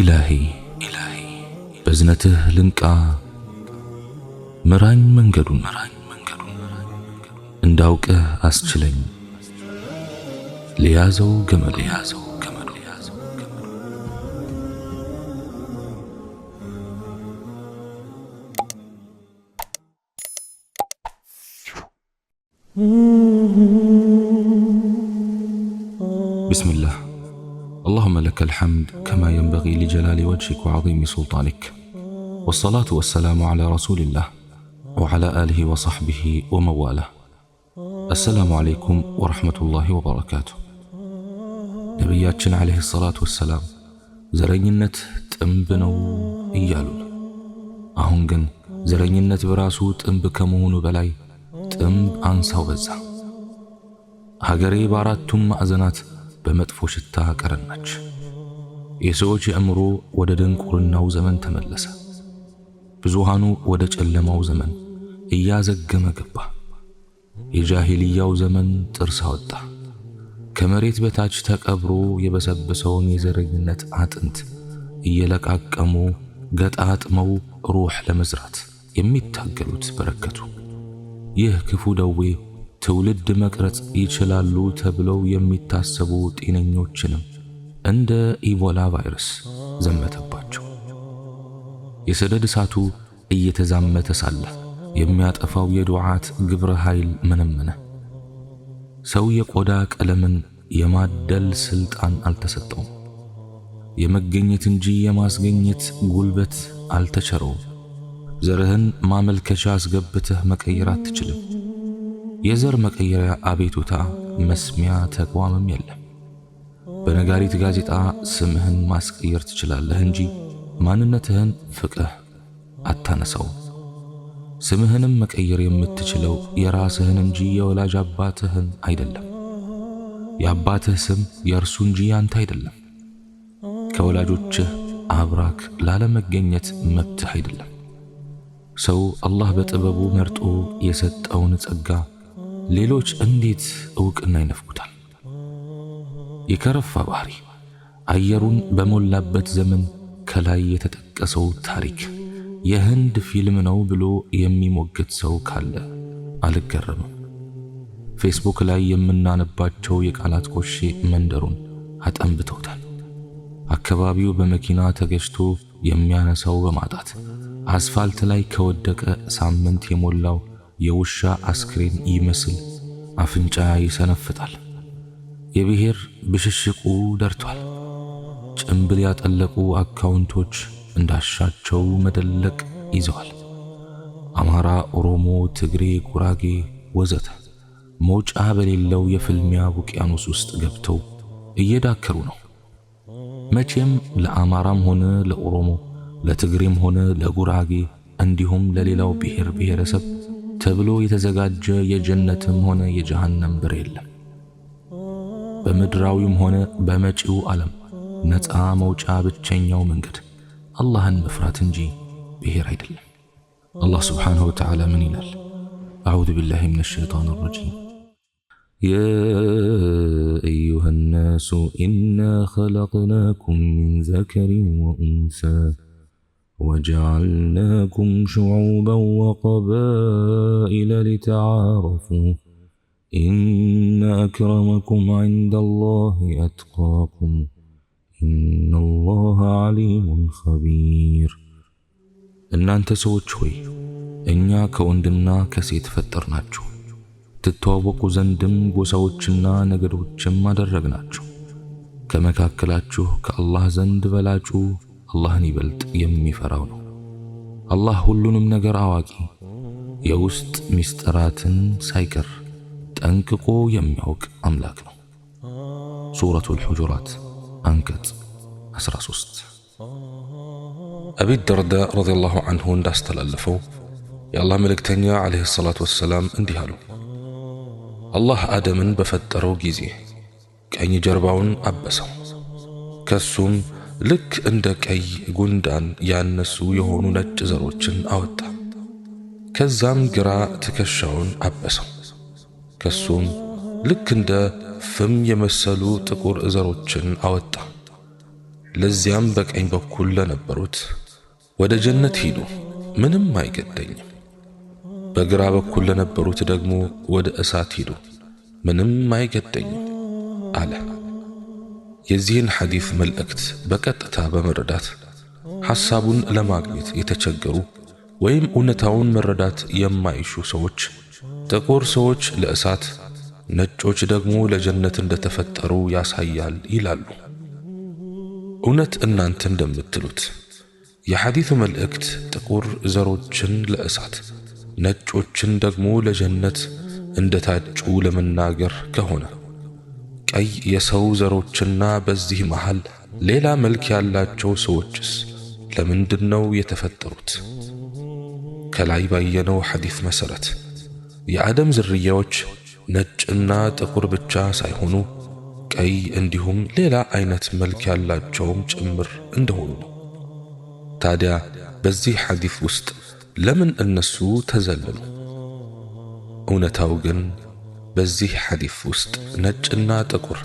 ኢላሂ ኢላሂ በዝነትህ ልንቃ ምራኝ መንገዱን እንዳውቅህ አስችለኝ ለያዘው ገመድ ያዘው ገመድ ያዘው ገመድ mm الحمد كما ينبغي لجلال وجهك وعظيم سلطانك والصلاة والسلام على رسول الله وعلى آله وصحبه ومواله السلام عليكم ورحمة الله وبركاته نبياتنا عليه الصلاة والسلام زرينت تنبنو إيالو أهنجن زرينت براسو تنب كمون بلاي تنب أنسى وبزع هاجري بارات تم أزنات بمدفوش التاكر النجم የሰዎች አእምሮ ወደ ደንቁርናው ዘመን ተመለሰ። ብዙሃኑ ወደ ጨለማው ዘመን እያዘገመ ገባ። የጃሂልያው ዘመን ጥርስ አወጣ። ከመሬት በታች ተቀብሮ የበሰበሰውን የዘረኝነት አጥንት እየለቃቀሙ ገጣጥመው ሩህ ለመዝራት የሚታገሉት በረከቱ። ይህ ክፉ ደዌ ትውልድ መቅረጽ ይችላሉ ተብለው የሚታሰቡ ጤነኞችንም እንደ ኢቦላ ቫይረስ ዘመተባቸው። የሰደድ እሳቱ እየተዛመተ ሳለ የሚያጠፋው የዱዓት ግብረ ኃይል ምንምነ ሰው የቆዳ ቀለምን የማደል ስልጣን አልተሰጠውም። የመገኘት እንጂ የማስገኘት ጉልበት አልተቸረውም። ዘርህን ማመልከቻ አስገብተህ መቀየር አትችልም። የዘር መቀየሪያ አቤቱታ መስሚያ ተቋምም የለም። በነጋሪት ጋዜጣ ስምህን ማስቀየር ትችላለህ እንጂ ማንነትህን ፍቅህ አታነሳው። ስምህንም መቀየር የምትችለው የራስህን እንጂ የወላጅ አባትህን አይደለም። የአባትህ ስም የእርሱ እንጂ ያንተ አይደለም። ከወላጆችህ አብራክ ላለመገኘት መብትህ አይደለም። ሰው አላህ በጥበቡ መርጦ የሰጠውን ጸጋ ሌሎች እንዴት ዕውቅና ይነፍጉታል? የከረፋ ባህሪ አየሩን በሞላበት ዘመን ከላይ የተጠቀሰው ታሪክ የህንድ ፊልም ነው ብሎ የሚሞግት ሰው ካለ አልገረምም። ፌስቡክ ላይ የምናነባቸው የቃላት ቆሼ መንደሩን አጠንብተውታል። አካባቢው በመኪና ተገጭቶ የሚያነሳው በማጣት አስፋልት ላይ ከወደቀ ሳምንት የሞላው የውሻ አስክሬን ይመስል አፍንጫ ይሰነፍጣል። የብሔር ብሽሽቁ ደርቷል። ጭምብል ያጠለቁ አካውንቶች እንዳሻቸው መደለቅ ይዘዋል። አማራ፣ ኦሮሞ፣ ትግሬ፣ ጉራጌ ወዘተ መውጫ በሌለው የፍልሚያ ውቅያኖስ ውስጥ ገብተው እየዳከሩ ነው። መቼም ለአማራም ሆነ ለኦሮሞ፣ ለትግሬም ሆነ ለጉራጌ እንዲሁም ለሌላው ብሔር ብሔረሰብ ተብሎ የተዘጋጀ የጀነትም ሆነ የጀሃነም በር የለም። በምድራዊውም ሆነ በመጪው ዓለም ነፃ መውጫ ብቸኛው መንገድ አላህን መፍራት እንጂ ብሔር አይደለም። አላህ ስብሓንሁ ወተዓላ ምን ይላል? አዑዙ ቢላሂ ሚነ ሸይጣን ረጂም ያ አዩሃ ናሱ ኢና ኸለቅናኩም ሚን ዘከሪን ወኡንሳ ወጀዓልናኩም ሹዑበን ወቀባኢለ ሊተዓረፉ إن أكرمكم عند الله أتقاكم إن الله عليم خبير እናንተ ሰዎች ሆይ እኛ ከወንድና ከሴት ፈጠርናችሁ ትተዋወቁ ዘንድም ጎሳዎችና ነገዶችም አደረግናችሁ። ከመካከላችሁ ከአላህ ዘንድ በላጩ አላህን ይበልጥ የሚፈራው ነው። አላህ ሁሉንም ነገር አዋቂ የውስጥ ሚስጥራትን ሳይቀር ጠንቅቆ የሚያውቅ አምላክ ነው። ሱረቱል ሁጁራት አንቀጽ 13 አቢ ደርዳ ረዲየላሁ አንሁ እንዳስተላለፈው የአላህ መልእክተኛ ዓለይሂ ሰላቱ ወሰላም እንዲህ አሉ። አላህ አደምን በፈጠረው ጊዜ ቀኝ ጀርባውን አበሰው፣ ከሱም ልክ እንደ ቀይ ጉንዳን ያነሱ የሆኑ ነጭ ዘሮችን አወጣ። ከዛም ግራ ትከሻውን አበሰው ከሱም ልክ እንደ ፍም የመሰሉ ጥቁር ዘሮችን አወጣ። ለዚያም በቀኝ በኩል ለነበሩት ወደ ጀነት ሂዱ፣ ምንም አይገደኝም፣ በግራ በኩል ለነበሩት ደግሞ ወደ እሳት ሂዱ፣ ምንም አይገደኝም አለ። የዚህን ሐዲስ መልእክት በቀጥታ በመረዳት ሐሳቡን ለማግኘት የተቸገሩ ወይም እውነታውን መረዳት የማይሹ ሰዎች ጥቁር ሰዎች ለእሳት ነጮች ደግሞ ለጀነት እንደተፈጠሩ ያሳያል ይላሉ። እውነት እናንተ እንደምትሉት የሐዲሱ መልእክት ጥቁር ዘሮችን ለእሳት ነጮችን ደግሞ ለጀነት እንደታጩ ለመናገር ከሆነ ቀይ የሰው ዘሮችና በዚህ መሃል ሌላ መልክ ያላቸው ሰዎችስ ለምንድነው የተፈጠሩት? ከላይ ባየነው ሐዲት መሰረት የአደም ዝርያዎች ነጭና ጥቁር ብቻ ሳይሆኑ ቀይ እንዲሁም ሌላ አይነት መልክ ያላቸውም ጭምር እንደሆኑ ነው። ታዲያ በዚህ ሐዲስ ውስጥ ለምን እነሱ ተዘለሉ? እውነታው ግን በዚህ ሐዲስ ውስጥ ነጭና ጥቁር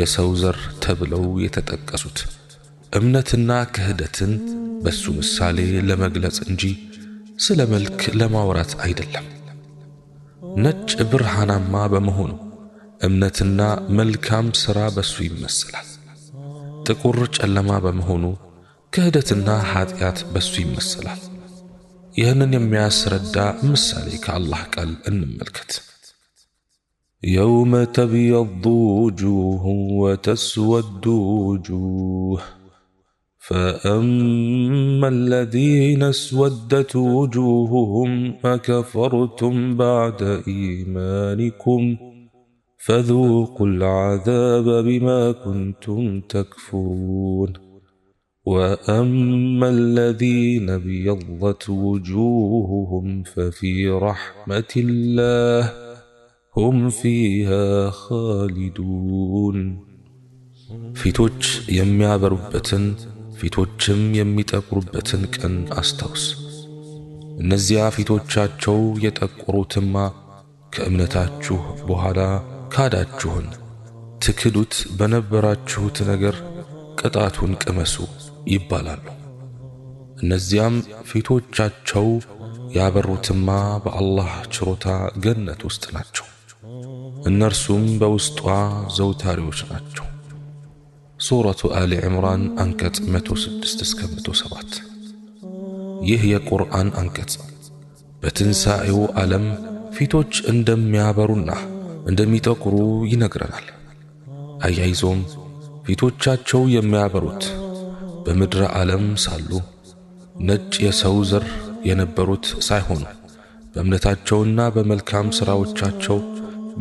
የሰው ዘር ተብለው የተጠቀሱት እምነትና ክህደትን በሱ ምሳሌ ለመግለጽ እንጂ ስለ መልክ ለማውራት አይደለም። ነጭ ብርሃናማ በመሆኑ እምነትና መልካም ሥራ በሱ ይመስላል። ጥቁር ጨለማ በመሆኑ ክህደትና ኀጢአት በሱ ይመስላል። ይህንን የሚያስረዳ ምሳሌ ከአላህ ቃል እንመልከት። يوم تبيض وجوه وتسود وجوه فأما الذين اسودت وجوههم أكفرتم بعد إيمانكم فذوقوا العذاب بما كنتم تكفرون وأما الذين ابيضت وجوههم ففي رحمة الله هم فيها خالدون في ፊቶች የሚያበሩበትን ፊቶችም የሚጠቁሩበትን ቀን አስታውስ። እነዚያ ፊቶቻቸው የጠቆሩትማ ከእምነታችሁ በኋላ ካዳችሁን ትክዱት በነበራችሁት ነገር ቅጣቱን ቅመሱ ይባላሉ። እነዚያም ፊቶቻቸው ያበሩትማ በአላህ ችሮታ ገነት ውስጥ ናቸው። እነርሱም በውስጧ ዘውታሪዎች ናቸው። ሱረቱ አሊ ዕምራን አንቀጽ 106 እስከ 107። ይህ የቁርአን አንቀጽ በትንሣኤው ዓለም ፊቶች እንደሚያበሩና እንደሚጠቁሩ ይነግረናል። አያይዞም ፊቶቻቸው የሚያበሩት በምድረ ዓለም ሳሉ ነጭ የሰው ዘር የነበሩት ሳይሆኑ በእምነታቸውና በመልካም ሥራዎቻቸው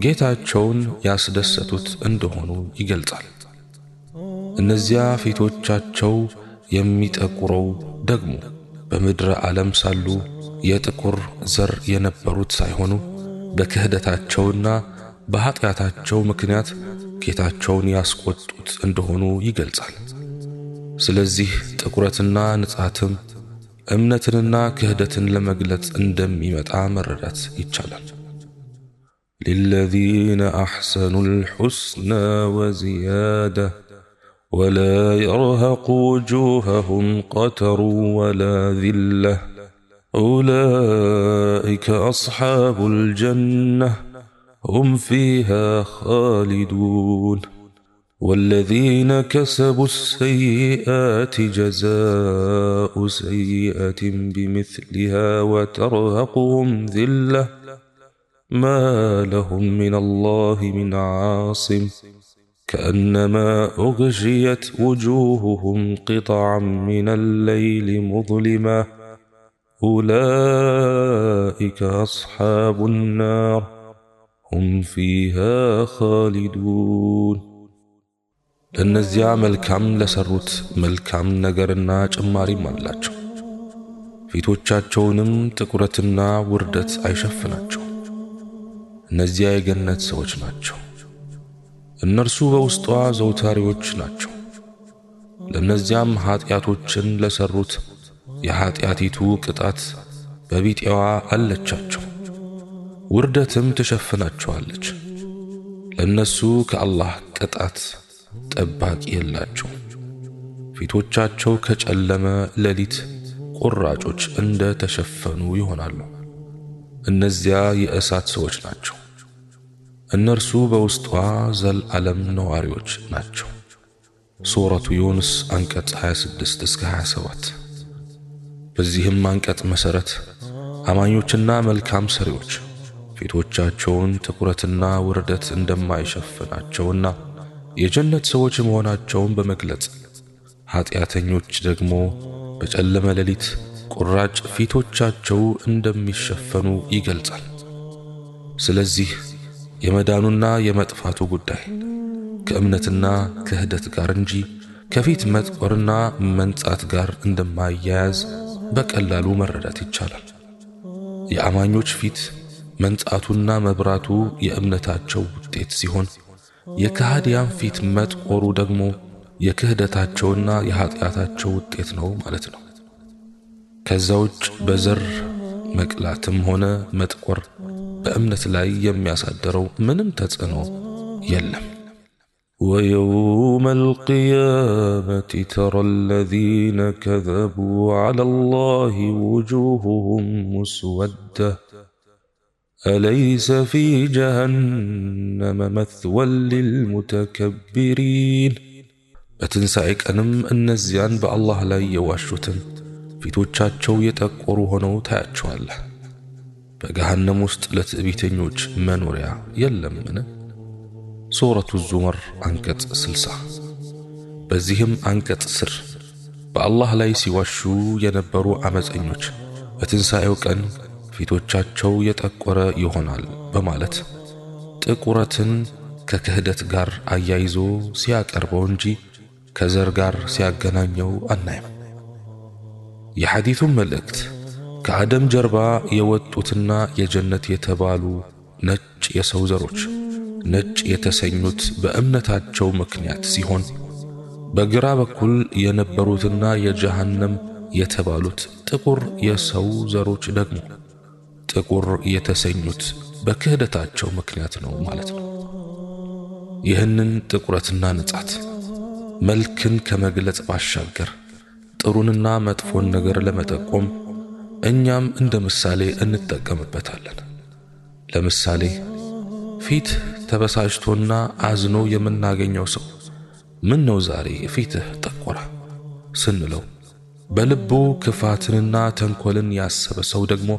ጌታቸውን ያስደሰቱት እንደሆኑ ይገልጻል። እነዚያ ፊቶቻቸው የሚጠቁረው ደግሞ በምድረ ዓለም ሳሉ የጥቁር ዘር የነበሩት ሳይሆኑ በክህደታቸውና በኀጢአታቸው ምክንያት ጌታቸውን ያስቆጡት እንደሆኑ ይገልጻል። ስለዚህ ጥቁረትና ንጻትም እምነትንና ክህደትን ለመግለጽ እንደሚመጣ መረዳት ይቻላል። ሊለዚነ አሕሰኑል ልሑስነ ወዝያዳ ولا يرهق وجوههم قتر ولا ذلة أولئك أصحاب الجنة هم فيها خالدون والذين كسبوا السيئات جزاء سيئة بمثلها وترهقهم ذلة ما لهم من الله من عاصم كأنما أغشيت وجوههم قطعا من الليل مظلمة أولئك أصحاب النار هم فيها خالدون እነዚያ መልካም ለሰሩት መልካም ነገርና ጭማሪም አላቸው። ፊቶቻቸውንም ጥቁረትና ውርደት አይሸፍናቸው። እነዚያ የገነት ሰዎች ናቸው። እነርሱ በውስጧ ዘውታሪዎች ናቸው። ለእነዚያም ኀጢአቶችን ለሠሩት የኀጢአቲቱ ቅጣት በቢጤዋ አለቻቸው፣ ውርደትም ትሸፍናቸዋለች። ለእነሱ ከአላህ ቅጣት ጠባቂ የላቸው። ፊቶቻቸው ከጨለመ ሌሊት ቁራጮች እንደ ተሸፈኑ ይሆናሉ። እነዚያ የእሳት ሰዎች ናቸው። እነርሱ በውስጧ ዘልዓለም ነዋሪዎች ናቸው። ሱረቱ ዩንስ አንቀጽ 26 እስከ 27። በዚህም አንቀጽ መሠረት አማኞችና መልካም ሰሪዎች ፊቶቻቸውን ትኩረትና ውርደት እንደማይሸፍናቸውና የጀነት ሰዎች መሆናቸውን በመግለጽ ኀጢአተኞች ደግሞ በጨለመ ሌሊት ቁራጭ ፊቶቻቸው እንደሚሸፈኑ ይገልጻል። ስለዚህ የመዳኑና የመጥፋቱ ጉዳይ ከእምነትና ክህደት ጋር እንጂ ከፊት መጥቆርና መንጻት ጋር እንደማያያዝ በቀላሉ መረዳት ይቻላል። የአማኞች ፊት መንጻቱና መብራቱ የእምነታቸው ውጤት ሲሆን የከሃዲያን ፊት መጥቆሩ ደግሞ የክህደታቸውና የኃጢአታቸው ውጤት ነው ማለት ነው። ከዛ ውጭ በዘር መቅላትም ሆነ መጥቆር በእምነት ላይ የሚያሳድረው ምንም ተጽዕኖ يلم ويوم القيامة ترى الذين كذبوا على الله وجوههم مسودة أليس في جهنم مثوى للمتكبرين بتنسعك أنم أن الزيان بأ الله لا يواشتن في توجهات شوية قروهنو تأجوال በገሃነም ውስጥ ለትዕቢተኞች መኖሪያ የለምን? ሱረቱ ዙመር አንቀጽ 60። በዚህም አንቀጽ ስር በአላህ ላይ ሲዋሹ የነበሩ አመፀኞች በትንሣኤው ቀን ፊቶቻቸው የጠቆረ ይሆናል በማለት ጥቁረትን ከክህደት ጋር አያይዞ ሲያቀርበው እንጂ ከዘር ጋር ሲያገናኘው አናይም። የሐዲቱም መልእክት ከአደም ጀርባ የወጡትና የጀነት የተባሉ ነጭ የሰው ዘሮች ነጭ የተሰኙት በእምነታቸው ምክንያት ሲሆን በግራ በኩል የነበሩትና የጀሃነም የተባሉት ጥቁር የሰው ዘሮች ደግሞ ጥቁር የተሰኙት በክህደታቸው ምክንያት ነው ማለት ነው። ይህንን ጥቁረትና ንጻት መልክን ከመግለጽ ባሻገር ጥሩንና መጥፎን ነገር ለመጠቆም እኛም እንደ ምሳሌ እንጠቀምበታለን። ለምሳሌ ፊት ተበሳጭቶና አዝኖ የምናገኘው ሰው ምን ነው ዛሬ ፊትህ ጠቆራ ስንለው፣ በልቡ ክፋትንና ተንኮልን ያሰበ ሰው ደግሞ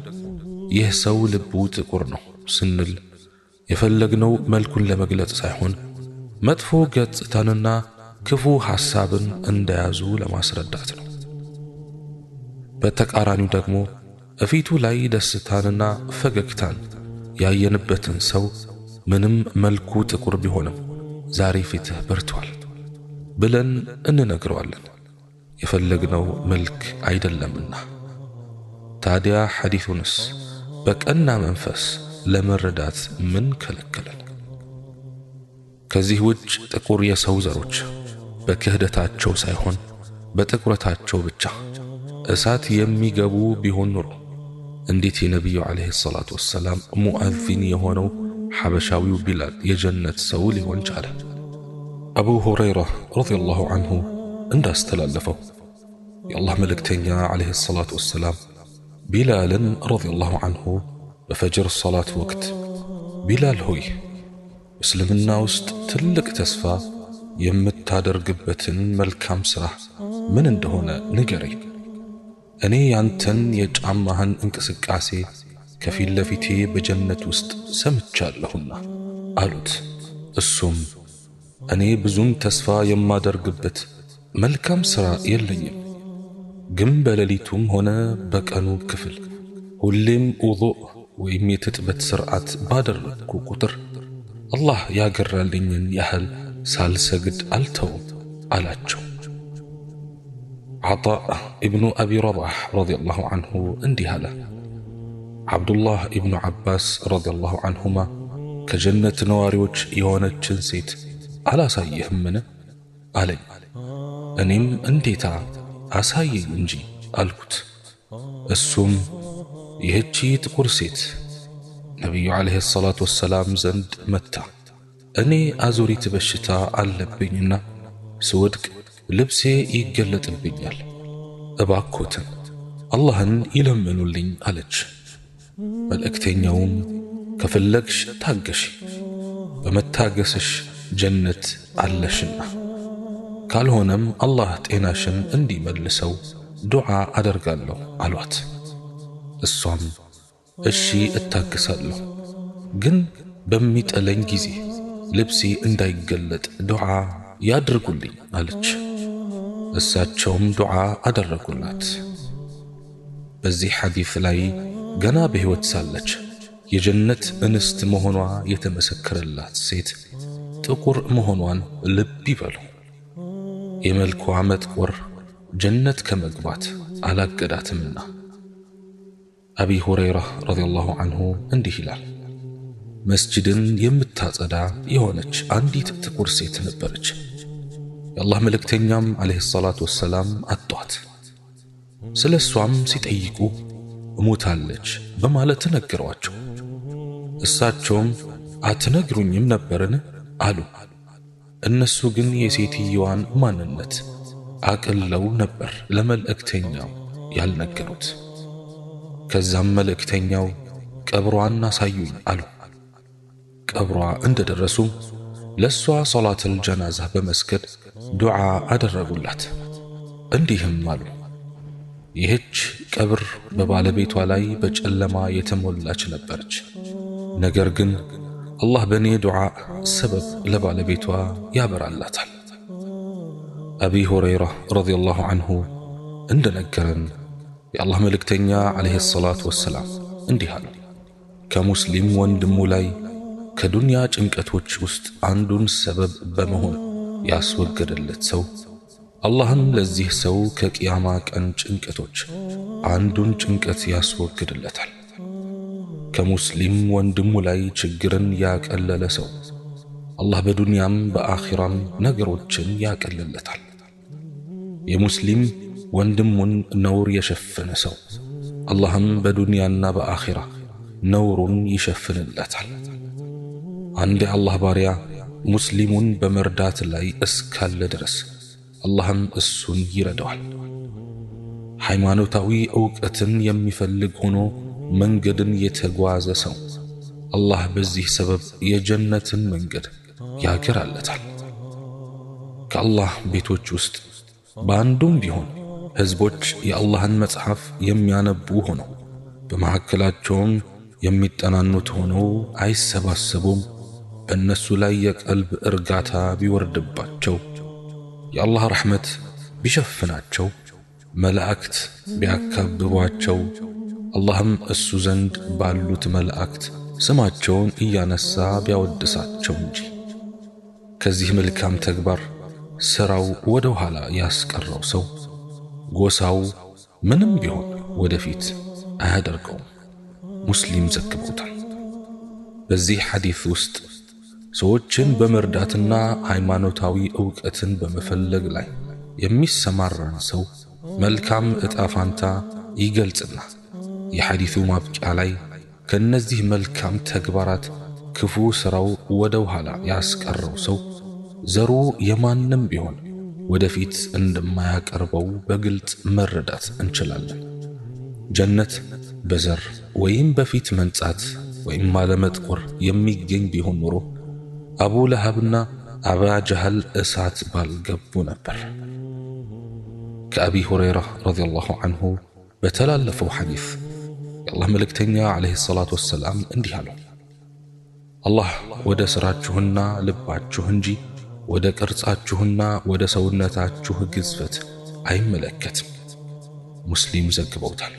ይህ ሰው ልቡ ጥቁር ነው ስንል የፈለግነው መልኩን ለመግለጽ ሳይሆን መጥፎ ገጽታንና ክፉ ሐሳብን እንደያዙ ለማስረዳት ነው። በተቃራኒው ደግሞ እፊቱ ላይ ደስታንና ፈገግታን ያየንበትን ሰው ምንም መልኩ ጥቁር ቢሆንም ዛሬ ፊትህ በርቷል ብለን እንነግረዋለን። የፈለግነው መልክ አይደለምና። ታዲያ ሐዲሱንስ በቀና መንፈስ ለመረዳት ምን ከለከለን? ከዚህ ውጭ ጥቁር የሰው ዘሮች በክህደታቸው ሳይሆን በጥቁረታቸው ብቻ اسات يمي قبو بهنرو انديتي نبي عليه الصلاة والسلام مؤذن يهونو حبشاوي بلاد يجنة سولي وانجالة أبو هريرة رضي الله عنه عند استلالفه يا الله ملك تنيا عليه الصلاة والسلام بلال رضي الله عنه بفجر الصلاة وقت بلال هوي اسلمنا وست تلك تسفى يمت تادر قبة ملكام سرح من اندهونا نقريب እኔ ያንተን የጫማህን እንቅስቃሴ ከፊት ለፊቴ በጀነት ውስጥ ሰምቻለሁና አሉት። እሱም እኔ ብዙም ተስፋ የማደርግበት መልካም ሥራ የለኝም፣ ግን በሌሊቱም ሆነ በቀኑ ክፍል ሁሌም ውዱእ ወይም የትጥበት ሥርዓት ባደረግኩ ቁጥር አላህ ያገራልኝን ያህል ሳልሰግድ አልተውም አላቸው። عطاء ابن أبي رباح رضي الله عنه انتهى له عبد الله ابن عباس رضي الله عنهما كجنة نواريوش يونة جنسيت على ساي يهمنا علي أنيم أنتي تا أساي ينجي ألكت السم يهجيت قرسيت نبي عليه الصلاة والسلام زند متى أني أزوري تبشتا ألبينا سودك ልብሴ ይገለጥብኛል። እባኮትን አላህን ይለምኑልኝ አለች። መልእክተኛውም ከፈለግሽ ታገሽ በመታገስሽ ጀነት አለሽና፣ ካልሆነም አላህ ጤናሽን እንዲመልሰው ዱዓ አደርጋለሁ አሏት። እሷም እሺ እታገሳለሁ፣ ግን በሚጠለኝ ጊዜ ልብሴ እንዳይገለጥ ዱዓ ያድርጉልኝ አለች። እሳቸውም ዱዓ አደረጉላት። በዚህ ሐዲፍ ላይ ገና በሕይወት ሳለች የጀነት እንስት መሆኗ የተመሰከረላት ሴት ጥቁር መሆኗን ልብ ይበሉ። የመልኳ መጥቆር ጀነት ከመግባት አላገዳትምና። አቢ ሁረይራ ረዲየላሁ አንሁ እንዲህ ይላል፣ መስጅድን የምታጸዳ የሆነች አንዲት ጥቁር ሴት ነበረች። የአላህ መልእክተኛም ዓለይሂ ሰላቱ ወሰላም አጧት። ስለ እሷም ሲጠይቁ እሞታለች በማለት ነገሯቸው። እሳቸውም አትነግሩኝም ነበርን አሉ። እነሱ ግን የሴትየዋን ማንነት አቅለው ነበር ለመልእክተኛው ያልነገሩት። ከዛም መልእክተኛው ቀብሯን አሳዩኝ አሉ። ቀብሯ እንደደረሱ ለእሷ ሶላተል ጀናዛ በመስገድ ዱዓ አደረጉላት። እንዲህም አሉ፣ ይህች ቀብር በባለቤቷ ላይ በጨለማ የተሞላች ነበረች። ነገር ግን አላህ በእኔ ዱዓ ሰበብ ለባለቤቷ ያበራላታል። አቢ ሁረይራ ረዲየላሁ አንሁ እንደነገረን የአላህ መልእክተኛ ዓለይሂ ሰላቱ ወሰላም እንዲህ አሉ፣ ከሙስሊም ወንድሙ ላይ ከዱንያ ጭንቀቶች ውስጥ አንዱን ሰበብ በመሆን ያስወገደለት ሰው አላህም ለዚህ ሰው ከቅያማ ቀን ጭንቀቶች አንዱን ጭንቀት ያስወግድለታል። ከሙስሊም ወንድሙ ላይ ችግርን ያቀለለ ሰው አላህ በዱንያም በአኺራም ነገሮችን ያቀልለታል። የሙስሊም ወንድሙን ነውር የሸፈነ ሰው አላህም በዱንያና በአኺራ ነውሩን ይሸፍንለታል። አንድ የአላህ ባሪያ ሙስሊሙን በመርዳት ላይ እስካለ ድረስ አላህም እሱን ይረዳዋል። ሃይማኖታዊ ዕውቀትን የሚፈልግ ሆኖ መንገድን የተጓዘ ሰው አላህ በዚህ ሰበብ የጀነትን መንገድ ያገራለታል። ከአላህ ቤቶች ውስጥ በአንዱም ቢሆን ሕዝቦች የአላህን መጽሐፍ የሚያነቡ ሆነው በመካከላቸውም የሚጠናኑት ሆነው አይሰባሰቡም። በእነሱ ላይ የቀልብ እርጋታ ቢወርድባቸው የአላህ ረሕመት ቢሸፍናቸው መላእክት ቢያካብቧቸው አላህም እሱ ዘንድ ባሉት መላእክት ስማቸውን እያነሳ ቢያወድሳቸው እንጂ ከዚህ መልካም ተግባር ሥራው ወደ ኋላ ያስቀረው ሰው ጎሳው ምንም ቢሆን ወደፊት አያደርገውም። ሙስሊም ዘግበውታል። በዚህ ሐዲስ ውስጥ ሰዎችን በመርዳትና ሃይማኖታዊ ዕውቀትን በመፈለግ ላይ የሚሰማራን ሰው መልካም ዕጣ ፋንታ ይገልጽና የሐዲቱ ማብቂያ ላይ ከእነዚህ መልካም ተግባራት ክፉ ሥራው ወደ ኋላ ያስቀረው ሰው ዘሩ የማንም ቢሆን ወደፊት እንደማያቀርበው በግልጽ መረዳት እንችላለን። ጀነት በዘር ወይም በፊት መንጻት ወይም አለመጥቆር የሚገኝ ቢሆን ኖሮ አቡ ለሃብና አባ ጀሃል እሳት ባልገቡ ነበር። ከአቢ ሁረይራ ረዲየላሁ አንሁ በተላለፈው ሐዲስ የአላህ መልእክተኛ ዓለይሂ ሰላቱ ወሰላም እንዲህ አሉ። አላህ ወደ ሥራችሁና ልባችሁ እንጂ ወደ ቅርጻችሁና ወደ ሰውነታችሁ ግዝፈት አይመለከትም። ሙስሊም ዘግበውታል።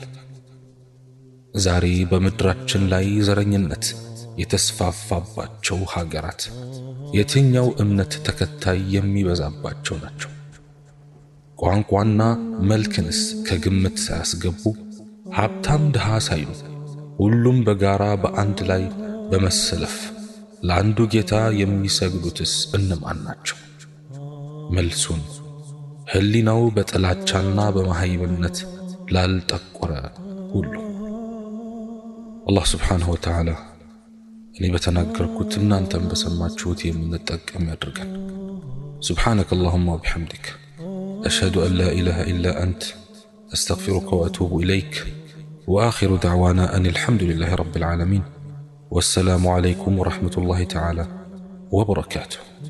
ዛሬ በምድራችን ላይ ዘረኝነት የተስፋፋባቸው ሀገራት የትኛው እምነት ተከታይ የሚበዛባቸው ናቸው? ቋንቋና መልክንስ ከግምት ሳያስገቡ ሀብታም ድሃ ሳይሉ ሁሉም በጋራ በአንድ ላይ በመሰለፍ ለአንዱ ጌታ የሚሰግዱትስ እነማን ናቸው? መልሱን ሕሊናው በጥላቻና በመሃይምነት ላልጠቆረ ሁሉ አላህ ስብሓንሁ ወተዓላ እኔ በተናገርኩት እናንተም በሰማችሁት የምንጠቀም ያድርገን። ሱብሓነከ አላሁማ ወቢሐምዲክ አሽሀዱ አን ላ ኢላሃ ኢላ አንት አስተግፊሩከ ወአቱቡ ኢለይክ وآخر دعوانا أن الحمد لله رب العالمين والسلام عليكم ورحمة الله تعالى وبركاته